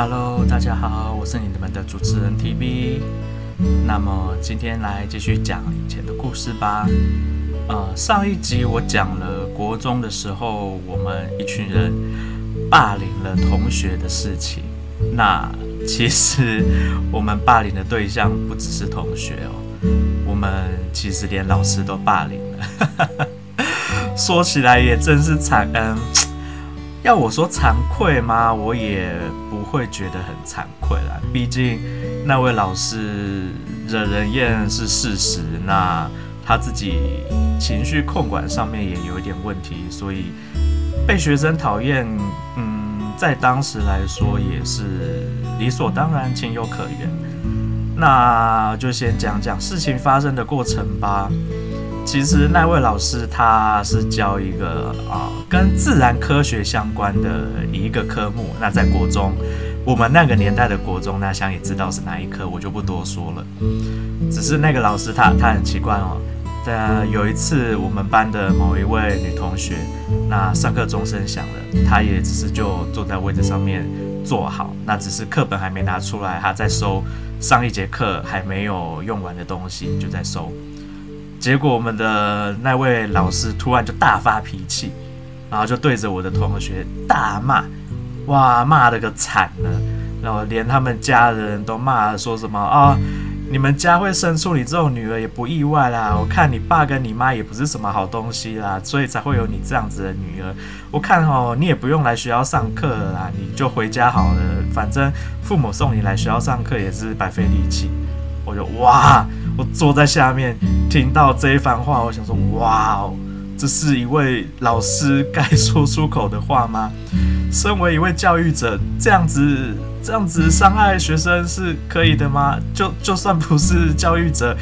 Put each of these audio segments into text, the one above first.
Hello，大家好，我是你們的主持人 TV。那麼今天來繼續講以前的故事吧。呃，上一集我講了國中的時候，我們一群人霸凌了同學的事情。那其實我們霸凌的對象不只是同學哦，我們其實連老師都霸凌了。 說起來也真是慘，嗯、呃。要我說慚愧嗎？我也不會覺得很慚愧啦。畢竟那位老師惹人厭是事實，那他自己情緒控管上面也有一點問題，所以被學生討厭，嗯，在當時來說也是理所當然、情有可原。那就先講講事情發生的過程吧。其實那位老師他是教一個啊、哦、跟自然科學相關的一個科目。那在國中，我們那個年代的國中，那想也知道是哪一科，我就不多說了。只是那個老師他他很奇怪哦。呃，有一次我們班的某一位女同學，那上課鐘聲響了，她也只是就坐在位置上面坐好。那只是課本還沒拿出來，她在收上一節課還沒有用完的東西，就在收。結果我們的那位老師突然就大發脾氣，然後就對着我的同學大罵，哇，罵得個慘了，然後連他們家人都罵說什麼啊、哦，你們家會生出你這種女兒也不意外啦，我看你爸跟你媽也不是什麼好東西啦，所以才會有你這樣子的女兒，我看哦，你也不用來學校上課啦，你就回家好了，反正父母送你來學校上課也是白費力氣，我就哇。我坐在下面，聽到這一番話，我想說：哇哦，這是一位老師該說出口的話嗎？身為一位教育者，這樣子這樣子傷害學生是可以的嗎？就就算不是教育者，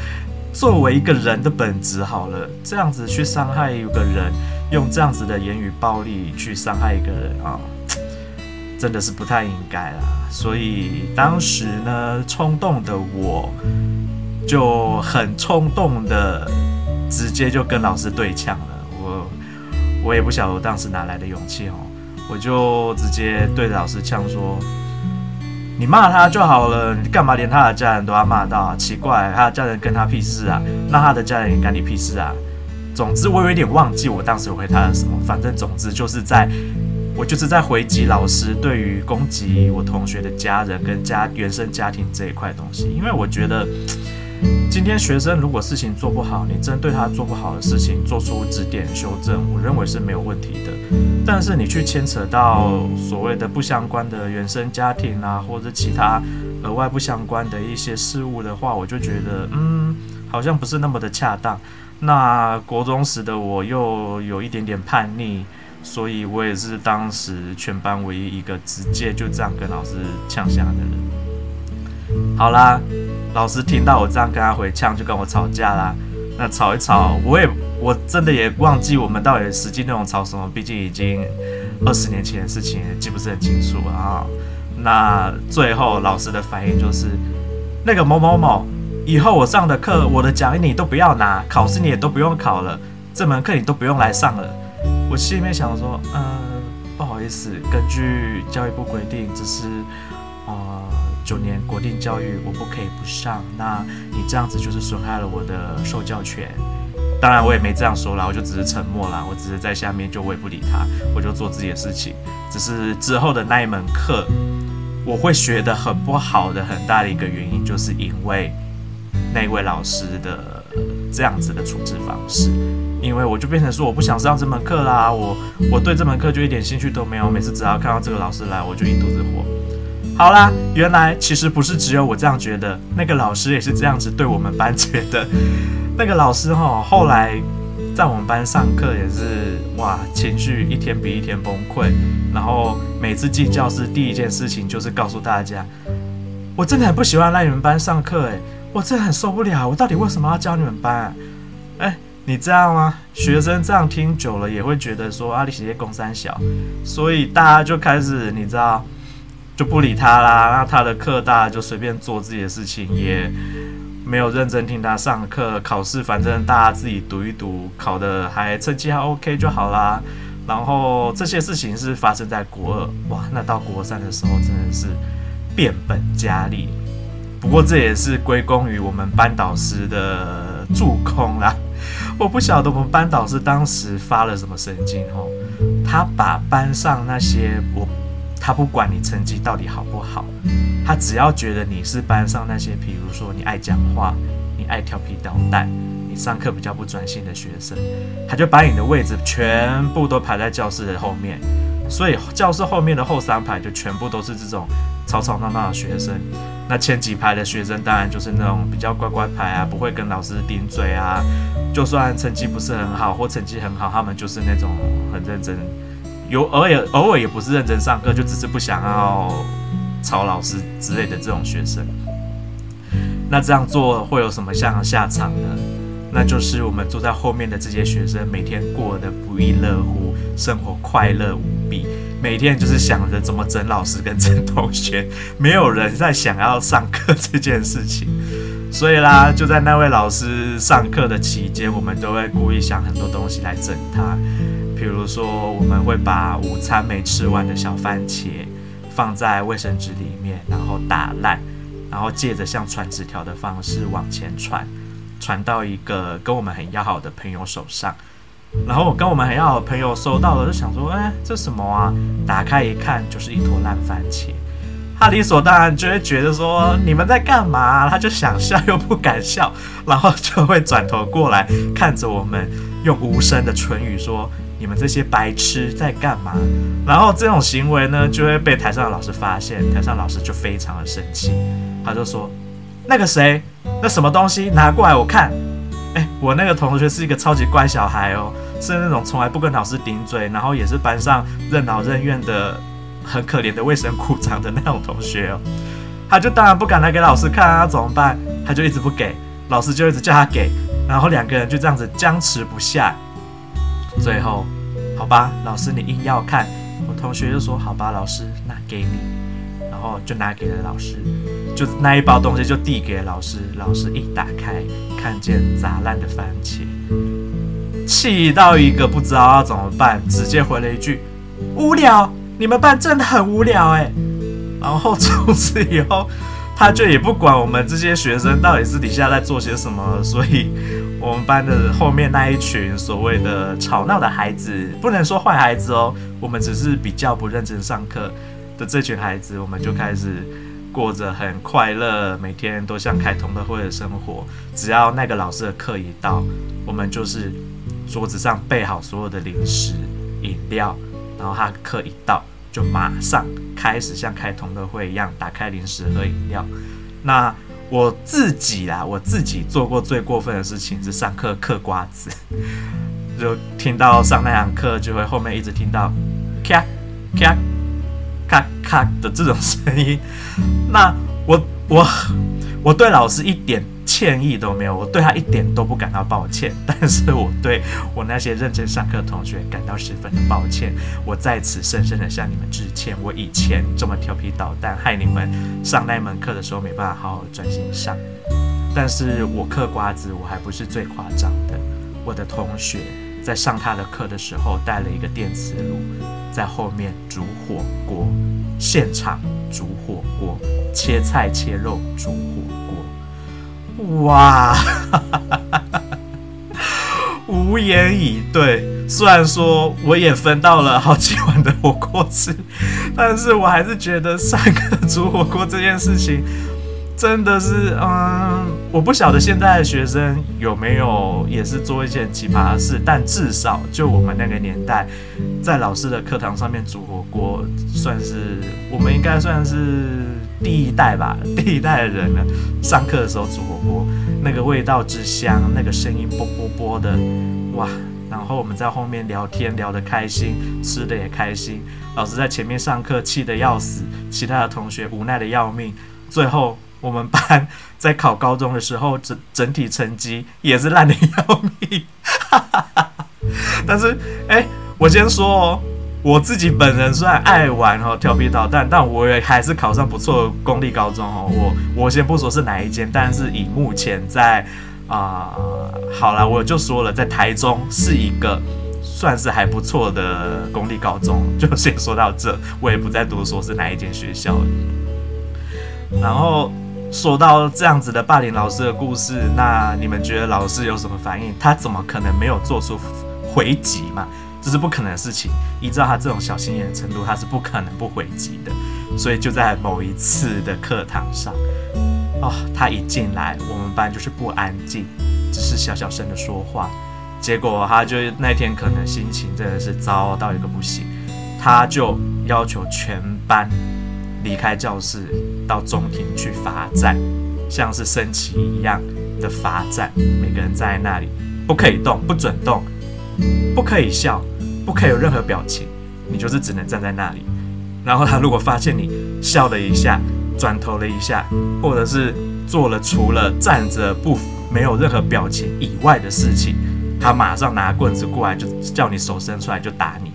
作為一個人的本質好了，這樣子去傷害一個人，用這樣子的言語暴力去傷害一個人啊、哦，真的是不太應該啦。所以當時呢，衝動的我。就很衝動的，直接就跟老師對嗆了。我我也不曉得我當時哪來的勇氣哦，我就直接對着老師嗆說：“你罵他就好了，你幹嘛連他的家人都要罵到啊。奇怪啊，他的家人跟他屁事啊？那他的家人也干你屁事啊？總之，我有一點忘記我當時回他的什麼，反正總之就是在，我就是在回擊老師對於攻擊我同學的家人跟家原生家庭這一塊東西，因為我覺得。”今天學生如果事情做不好，你針對他做不好的事情做出指點修正，我認為是沒有問題的。但是你去牽扯到所謂的不相關的原生家庭啊，或者其他額外不相關的一些事物的話，我就覺得嗯，好像不是那麼的恰當。那國中時的我又有一點點叛逆，所以我也是當時全班唯一一個直接就這樣跟老師嗆聲的人。好啦。老師聽到我這樣跟他回嗆，就跟我吵架啦、啊。那吵一吵，我也我真的也忘記我們到底實際內容吵什麼，畢竟已經二十年前的事情，也記不是很清楚啊、哦。那最後老師的反應就是，那個某某某，以後我上的課，我的講義你都不要拿，考試你也都不用考了，這門課你都不用來上了。我心裡面想說，嗯、呃，不好意思，根據教育部規定，只是。九年國定教育我不可以不上，那你這樣子就是損害了我的受教權。當然我也沒這樣說啦，我就只是沉默啦，我只是在下面就我也不理他，我就做自己的事情。只是之後的那一門課，我會學得很不好的很大的一個原因，就是因為那位老師的這樣子的處置方式，因為我就變成說我不想上這門課啦，我我對這門課就一點興趣都沒有，每次只要看到這個老師來，我就一肚子火。好啦，原來其實不是只有我這樣覺得，那個老師也是這樣子對我們班覺得。那個老師哈，後來在我們班上課也是哇，情緒一天比一天崩潰，然後每次進教室第一件事情就是告訴大家，我真的很不喜歡在你們班上課，誒，我真的很受不了，我到底為什麼要教你們班啊？哎、欸，你知道嗎？學生這樣聽久了也會覺得說阿里姐姐攻三小，所以大家就開始你知道。就不理他啦，那他的課大家就隨便做自己的事情，也沒有認真聽他上課。考試反正大家自己讀一讀，考得還成績還 OK 就好啦。然後這些事情是發生在國二，哇，那到國三的時候真的是變本加厲。不過這也是歸功於我們班導師的助攻啦。我不曉得我們班導師當時發了什麼神經吼，他把班上那些我。他不管你成績到底好不好，他只要覺得你是班上那些，比如說你愛講話、你愛調皮搗蛋、你上課比較不專心的學生，他就把你的位置全部都排在教室的後面。所以教室後面的後三排就全部都是這種吵吵鬧鬧的學生。那前幾排的學生當然就是那種比較乖乖牌啊，不會跟老師頂嘴啊。就算成績不是很好或成績很好，他們就是那種很認真。有偶爾偶爾也不是認真上課，就只是不想要吵老師之類的這種學生。那這樣做會有什麼樣的下場呢？那就是我們坐在後面的這些學生每天過得不亦樂乎，生活快樂無比，每天就是想着怎麼整老師跟整同學，沒有人在想要上課這件事情。所以啦，就在那位老師上課的期間，我們都會故意想很多東西來整他。比如說，我們會把午餐沒吃完的小番茄放在衛生紙裡面，然後打爛，然後借着像傳紙條的方式往前傳，傳到一個跟我們很要好的朋友手上。然後我跟我們很要好的朋友收到了，就想說：“哎、欸，這什麼啊？”打開一看，就是一坨爛番茄。他理所當然就會覺得說：“你們在幹嘛、啊？”他就想笑又不敢笑，然後就會轉頭過來看着我們，用無聲的唇語說。你們這些白痴在幹嘛？然後這種行為呢，就會被台上的老師發現，台上老師就非常的生氣，他就說：“那個誰，那什麼東西拿過來我看。”哎，我那個同學是一個超級乖小孩哦，是那種從來不跟老師頂嘴，然後也是班上任勞任怨的、很可憐的衛生股長的那種同學哦。他就當然不敢來給老師看啊，怎麼辦？他就一直不給，老師就一直叫他給，然後兩個人就這樣子僵持不下。最後，好吧，老師你硬要看，我同學就說好吧，老師那給你，然後就拿給了老師，就那一包東西就遞給了老師，老師一打開，看見砸爛的番茄，氣到一個不知道要怎麼辦，直接回了一句無聊，你們班真的很無聊哎、欸，然後從此以後。他就也不管我們這些學生到底私底下在做些什麼，所以我們班的後面那一群所謂的吵鬧的孩子，不能說壞孩子哦，我們只是比較不認真上課的這群孩子，我們就開始過着很快樂，每天都像開同樂會的生活。只要那個老師的課一到，我們就是桌子上備好所有的零食、飲料，然後他課一到。就馬上開始像開同樂會一樣打開零食喝飲料。那我自己啦，我自己做過最過分的事情是上課嗑瓜子， 就聽到上那堂課就會後面一直聽到咔咔咔咔的這種聲音。 那我我。我對老師一點歉意都沒有，我對他一點都不感到抱歉，但是我對我那些認真上課的同學感到十分的抱歉。我在此深深的向你們致歉，我以前這麼調皮搗蛋，害你們上那門課的時候沒辦法好好專心上。但是我嗑瓜子我還不是最誇張的，我的同學在上他的課的時候帶了一個電磁爐在後面煮火鍋。現場煮火鍋，切菜切肉煮火鍋，哇， 無言以對。雖然說我也分到了好幾碗的火鍋吃，但是我還是覺得上個煮火鍋這件事情真的是啊。呃我不曉得現在的學生有沒有也是做一件奇葩的事，但至少就我們那個年代，在老師的課堂上面煮火鍋，算是我們應該算是第一代吧，第一代的人了。上課的時候煮火鍋，那個味道之香，那個聲音啵啵啵啵的，哇！然後我們在後面聊天聊得開心，吃得也開心，老師在前面上課氣得要死，其他的同學無奈得要命，最後。我們班在考高中的時候，整整體成績也是爛的要命，哈哈哈。但是，誒、欸，我先說哦，我自己本人雖然愛玩哦，調皮搗蛋，但我也還是考上不錯的公立高中哦。我我先不說是哪一間，但是以目前在啊、呃，好了，我就說了，在台中是一個算是還不錯的公立高中，就先說到這，我也不再多說是哪一間學校。然後。說到這樣子的霸凌老師的故事，那你們覺得老師有什麼反應？他怎麼可能沒有做出回擊嘛？這是不可能的事情。依照他這種小心眼的程度，他是不可能不回擊的。所以就在某一次的課堂上，哦，他一進來，我們班就是不安靜，只是小小聲的說話。結果他就那天可能心情真的是糟到一個不行，他就要求全班離開教室。到中庭去罰站，像是升旗一樣的罰站，每個人站在那裡，不可以動，不准動，不可以笑，不可以有任何表情，你就是只能站在那裡。然後他如果發現你笑了一下，轉頭了一下，或者是做了除了站着不，沒有任何表情以外的事情，他馬上拿棍子過來，就叫你手伸出來就打你。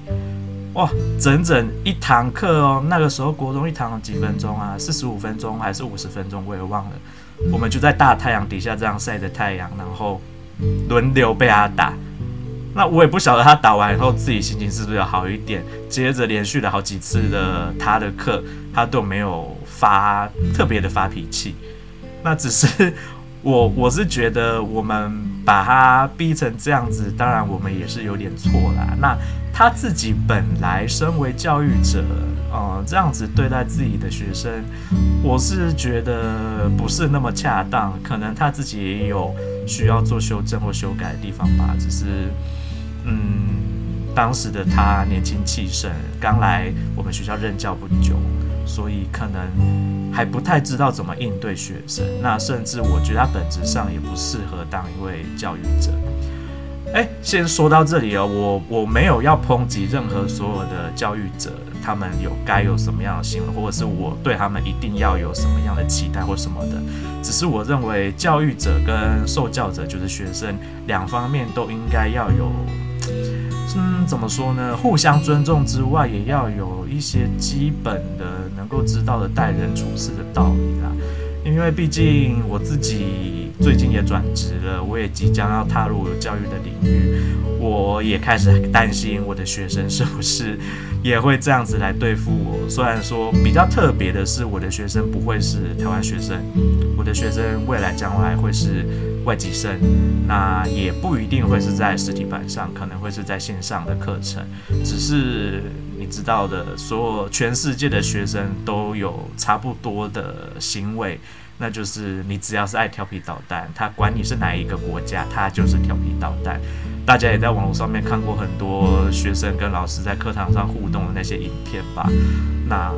哇，整整一堂課哦！那個時候國中一堂幾分鐘啊？四十五分鐘還是五十分鐘？我也忘了。我們就在大太陽底下這樣曬着太陽，然後輪流被他打。那我也不曉得他打完以後自己心情是不是有好一點。接着連續了好幾次的他的課，他都沒有發特別的發脾氣。那只是我我是覺得我們把他逼成這樣子，當然我們也是有點錯啦。那。他自己本來身為教育者，呃，這樣子對待自己的學生，我是覺得不是那麼恰當。可能他自己也有需要做修正或修改的地方吧。只是，嗯，當時的他年輕氣盛，剛來我們學校任教不久，所以可能還不太知道怎麼應對學生。那甚至我覺得他本質上也不適合當一位教育者。哎，先說到這裡哦，我我沒有要抨擊任何所有的教育者，他們有該有什麼樣的行為，或者是我對他們一定要有什麼樣的期待或什麼的，只是我認為教育者跟受教者，就是學生，兩方面都應該要有，嗯，怎麼說呢？互相尊重之外，也要有一些基本的能夠知道的待人處事的道理啦，因為畢竟我自己。最近也轉職了，我也即將要踏入教育的領域，我也開始擔心我的學生是不是也會這樣子來對付我。雖然說比較特別的是，我的學生不會是台灣學生，我的學生未來將來會是外籍生，那也不一定會是在實體班上，可能會是在線上的課程。只是你知道的，所有全世界的學生都有差不多的行為。那就是你只要是愛調皮搗蛋，他管你是哪一個國家，他就是調皮搗蛋。大家也在網絡上面看過很多學生跟老師在課堂上互動的那些影片吧？那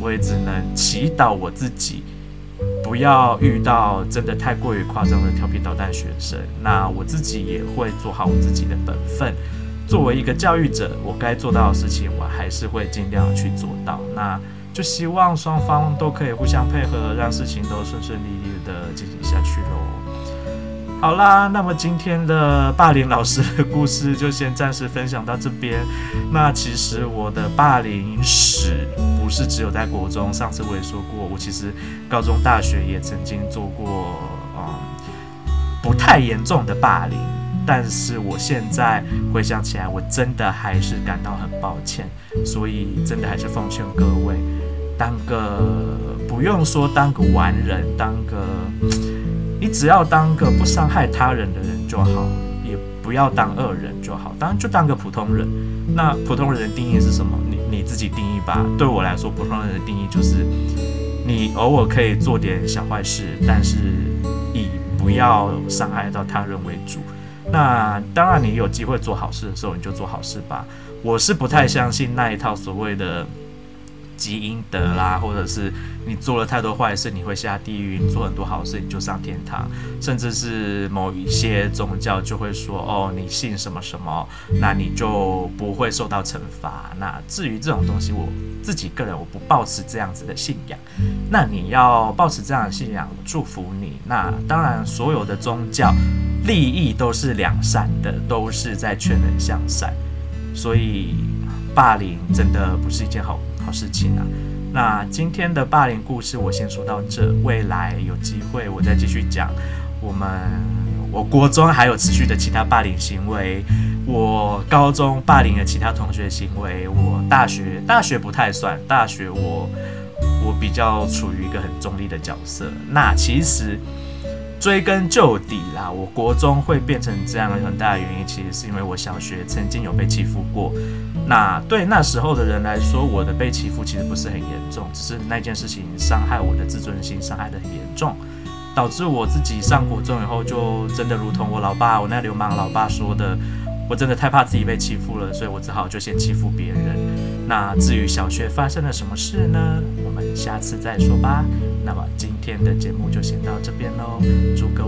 我也只能祈禱我自己不要遇到真的太過於誇張的調皮搗蛋學生。那我自己也會做好我自己的本分，作為一個教育者，我該做到的事情，我還是會盡量去做到。那。就希望雙方都可以互相配合，讓事情都順順利利的進行下去嘍。好啦，那麼今天的霸凌老師的故事就先暫時分享到這邊。那其實我的霸凌史不是只有在國中，上次我也說過，我其實高中、大學也曾經做過，嗯，不太嚴重的霸凌，但是我現在回想起來，我真的還是感到很抱歉，所以真的還是奉勸各位。當個不用說，當個完人，當個你只要當個不傷害他人的人就好，也不要當惡人就好。當然就當個普通人。那普通人的定義是什麼？你你自己定義吧。對我來說，普通人的定義就是你偶爾可以做點小壞事，但是以不要傷害到他人為主。那當然，你有機會做好事的時候，你就做好事吧。我是不太相信那一套所謂的。積陰德啦、啊，或者是你做了太多壞事，你會下地獄；你做很多好事，你就上天堂。甚至是某一些宗教就會說：“哦，你信什麼什麼，那你就不會受到懲罰。”那至於這種東西，我自己個人我不抱持這樣子的信仰。那你要抱持這樣的信仰，我祝福你。那當然，所有的宗教利益都是良善的，都是在勸人向善，所以霸凌真的不是一件好事情啊，那今天的霸凌故事我先說到這。未來有機會我再繼續講。我們我國中還有持續的其他霸凌行為，我高中霸凌了其他同學行為，我大學大學不太算，大學我我比較處於一個很中立的角色。那其實。追根究底啦，我國中會變成這樣很大的原因，其實是因為我小學曾經有被欺負過。那對那時候的人來說，我的被欺負其實不是很嚴重，只是那件事情傷害我的自尊心，傷害得很嚴重，導致我自己上國中以後就真的如同我老爸，我那流氓老爸說的，我真的太怕自己被欺負了，所以我只好就先欺負別人。那至於小學發生了什麼事呢？我們下次再說吧。那麼今天的節目就先到這邊嘍，祝各位。